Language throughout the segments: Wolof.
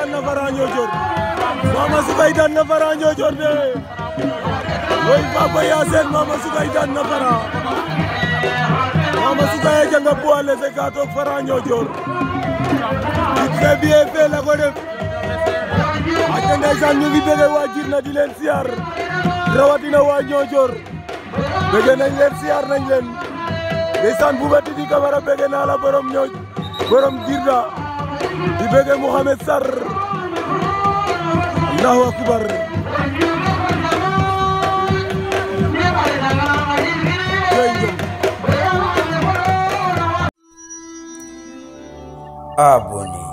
daan na Franc Ndiodior Mama Soukay daan na Franc Ndiodior de way Papa Yassin Mama Soukay na Franc Mama Soukay a janga poids léger ka toog Franc Ndiodior it fe biye fe la ko def ak ndeysaan ñu ngi bëgg waa Jirna di leen siyaar rawatina waa Ndiodior bëgg nañ leen siyaar nañ leen ndeysaan Boubacar di Camara bëgg naa la borom ñooj borom Jirna di bëgg Mouhamed Sarr Allahu akbar abonné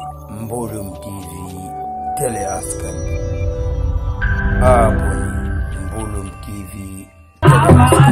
Mbolum TV télé askan abonné Mbolum TV télé askan